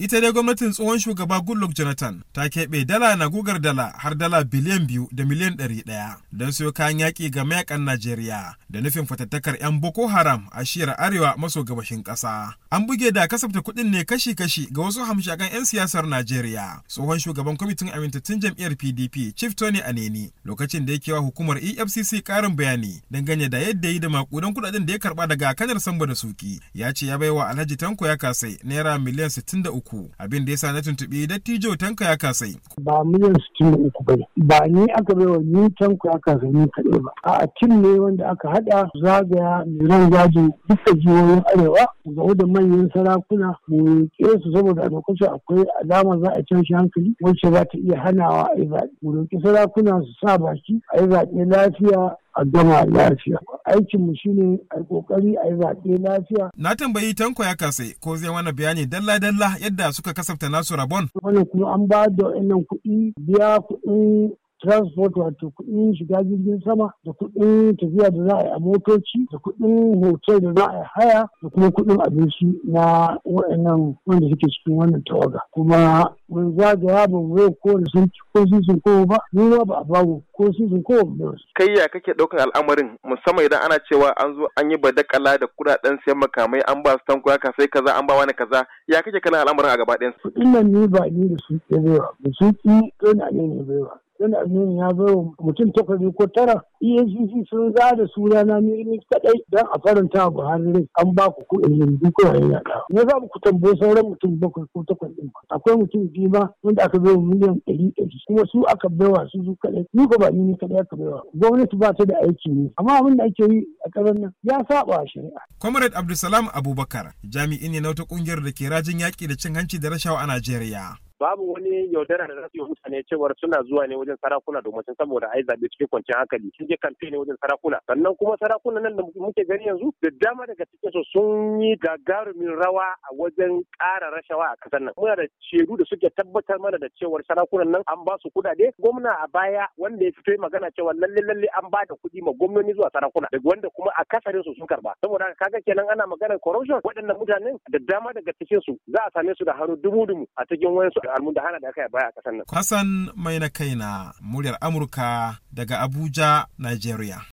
ita dai gwamnatin tsohon shugaba goodluck jonathan ta keɓe dala na gugar dala har dala biliyan biyu da miliyan ɗari ɗaya don siyo kayan yaƙi ga mayakan najeriya da nufin fatattakar 'yan boko haram a shiyar arewa maso gabashin ƙasa an buge da kasafta kuɗin ne kashi-kashi ga wasu hamshakan 'yan siyasar najeriya tsohon shugaban kwamitin amintattun jam'iyyar pdp chief tony aneni lokacin da ya wa hukumar efcc ƙarin bayani dangane da yadda yi da makudan kuɗaɗen da ya karɓa daga kanar samba da suki ya ce ya baiwa alhaji tanko ya kasai naira miliyan 63 uku abin da ya sa na tuntuɓi dattijo tanka ya kasai. Ba miliyan sittin da uku bai ba ni aka bai wa ni tanka ya kasai ni kaɗai ba a tim ne wanda aka haɗa zagaya mai ran duk duka jihohin arewa ga wadda manyan sarakuna mu roƙe su saboda a lokacin akwai alama za a canshi hankali wacce za ta iya hanawa a yi zaɓe mu roƙi sarakuna su sa baki a yi zaɓe lafiya a gama lafiya aikin mu shine a kokari a zaɓe lafiya na tambayi tanko ya kasai ko zai wani bayani dalla dalla yadda suka kasafta nasu rabon wannan kuma an ba da wannan kuɗi biya kuɗin transport wato kuɗin shiga jirgin sama da kuɗin tafiya da za a yi a motoci da kuɗin hotel da za a yi haya da kuma kuɗin abinci na wa'annan wanda suke cikin wannan tawaga kuma mun zagaya ba mu yau ko sun ko sun ko ba mu ma ba a bamu ko sun ko ba kai ya kake ɗaukar al'amarin musamman idan ana cewa an zo an yi badakala da kuɗaɗen sayan makamai an ba su tankuna ka sai kaza an ba wani kaza ya kake kana al'amarin a gaba ɗayan su. Kuɗin nan ni ba ni da su ke baiwa ba su ki na ne ne baiwa Sani Aminu ya zo mutum takwas ko tara EFCC sun za da sunana na ni kadai don a faranta Buhari an ba ku kuɗin yanzu ko yana da. Me za ku tambayi sauran mutum bakwai ko takwas ɗin Akwai mutum biyu ma wanda aka bai wa miliyan ɗari ɗari kuma su aka baiwa su su kadai ni ko ba ni ne kadai aka baiwa. Gwamnati ba ta da aiki ne amma abin da ake yi a ƙasar nan ya saba shari'a. Comrade Abdulsalam Abubakar jami'in ne na wata ƙungiyar da ke rajin yaƙi da cin hanci da rashawa a Najeriya. babu wani yaudara da za su yi mutane cewar suna zuwa ne wajen sarakuna domin sun saboda ai zaɓe cikin kwanciyar hankali sun je kamfe ne wajen sarakuna sannan kuma sarakuna nan da muke gani yanzu da dama daga cikin su sun yi gagarumin rawa a wajen ƙara rashawa a ƙasar nan muna da shedu da suke tabbatar mana da cewar sarakunan nan an ba su kuɗaɗe gwamna a baya wanda ya fito magana cewa lalle lalle an ba da kuɗi ma gwamnoni zuwa sarakuna daga wanda kuma a kasarin su sun karba saboda kaga kenan ana maganar corruption waɗannan mutanen da dama daga cikin su za a same su da hannu dumu dumu a cikin wayansu almundahana da aka yi baya a kasar nan. Hassan mai na na muryar Amurka daga Abuja, Nigeria.